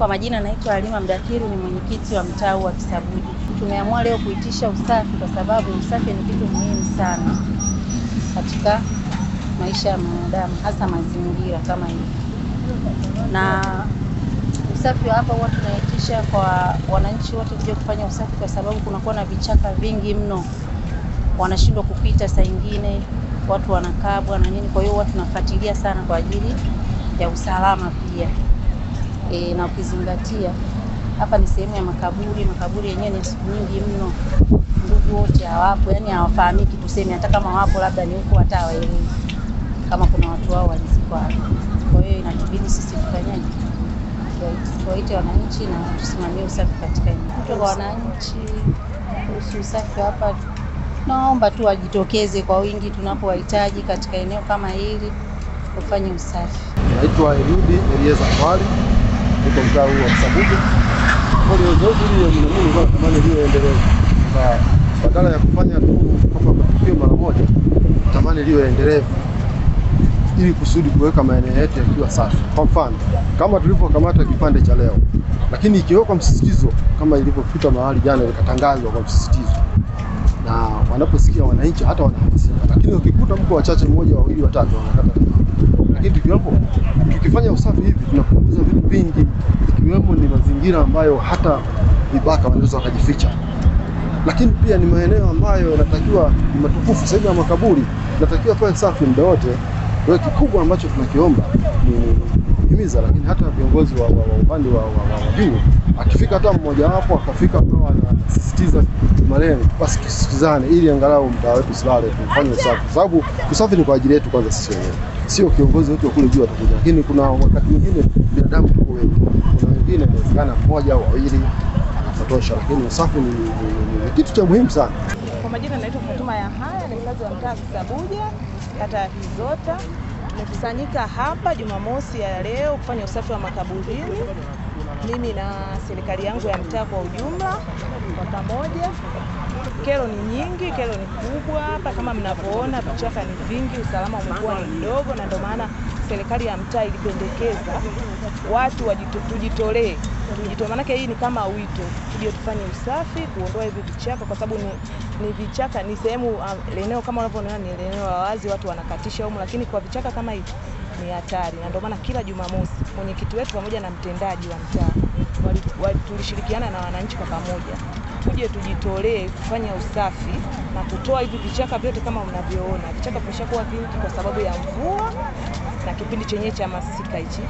Kwa majina naitwa Halima Mdakiru, ni mwenyekiti wa mtaa wa Kisabuji. Tumeamua leo kuitisha usafi kwa sababu usafi ni kitu muhimu sana katika maisha ya mwanadamu, hasa mazingira kama hivi, na usafi wa hapa huwa tunaitisha kwa wananchi wote kuja kufanya usafi, kwa sababu kunakuwa na vichaka vingi mno, wanashindwa kupita, saa nyingine watu wanakabwa na nini. Kwa hiyo huwa tunafuatilia sana kwa ajili ya usalama pia e, na ukizingatia hapa ni sehemu ya makaburi. Makaburi yenyewe ni siku nyingi mno, ndugu wote hawapo, yani hawafahamiki. Tuseme hata kama wapo, labda ni huko, hata hawaelewi kama kuna watu wao walizikwa Kwa hiyo inatubidi sisi tufanyaje, tuwaite wananchi na tusimamie usafi katika eneo. Kwa wananchi kuhusu usafi hapa, naomba tu wajitokeze kwa wingi tunapowahitaji katika eneo kama hili, ufanye usafi. Naitwa Eliudi Elieza Kwali katika mtaa huu wa Msabugo. Zoezi hili Mungu natamani liwe endelevu, badala ya kufanya tu kwamba tukio mara moja, tamani liwe endelevu ili kusudi kuweka maeneo yetu yakiwa safi. Kwa mfano kama tulivyokamata kipande cha leo, lakini ikiwekwa msisitizo kama ilivyopita mahali jana, ikatangazwa kwa msisitizo, na wanaposikia wananchi hata wanahamasika, lakini ukikuta mko wachache, mmoja wawili watatu wanakata tamaa hivi vyombo, tukifanya usafi hivi tunapunguza vitu vingi, ikiwemo ni mazingira ambayo hata vibaka wanaweza wakajificha, lakini pia ni maeneo ambayo yanatakiwa ni matukufu, sehemu ya makaburi natakiwa kwa safi muda wote. Kwa hiyo kikubwa ambacho tunakiomba ni himiza, lakini hata viongozi wa upande wa juu akifika hata mmojawapo akafika akawa anasisitiza maneno, basi tusikizane, ili angalau mtaa wetu silale, tufanye usafi, kwa sababu usafi ni kwa ajili yetu kwanza sisi wenyewe, sio kiongozi wetu kule juu atakuja. Lakini kuna wakati mwingine binadamu tuko wengi, kuna wengine inawezekana mmoja au wawili anapotosha, lakini usafi ni, ni, ni, ni kitu cha muhimu sana. Kwa majina naitwa Fatuma Haya, ni mkazi wa mtaa Kisabuja, kata ya Kizota. Tumekusanyika hapa Jumamosi ya leo kufanya usafi wa makaburini, mimi na serikali yangu ya mtaa kwa ujumla kwa pamoja. Kero ni nyingi, kero ni kubwa hapa, kama mnavyoona vichaka ni vingi, usalama umekuwa ni mdogo, na ndio maana serikali ya mtaa ilipendekeza watu tujitolee kujitoa, maanake hii ni kama wito, tuje tufanye usafi, kuondoa hivi vichaka, kwa sababu ni, ni vichaka ni sehemu um, eneo kama unavyoona ni eneo la wazi, watu wanakatisha humu, lakini kwa vichaka kama hivi ni hatari, na ndio maana kila Jumamosi mwenyekiti wetu pamoja na mtendaji wa mtaa tulishirikiana na wananchi kwa pamoja, tuje tujitolee kufanya usafi na kutoa hivi vichaka vyote kama mnavyoona. Vichaka vimeshakuwa vingi kwa sababu ya mvua na kipindi chenyewe cha masika hichi.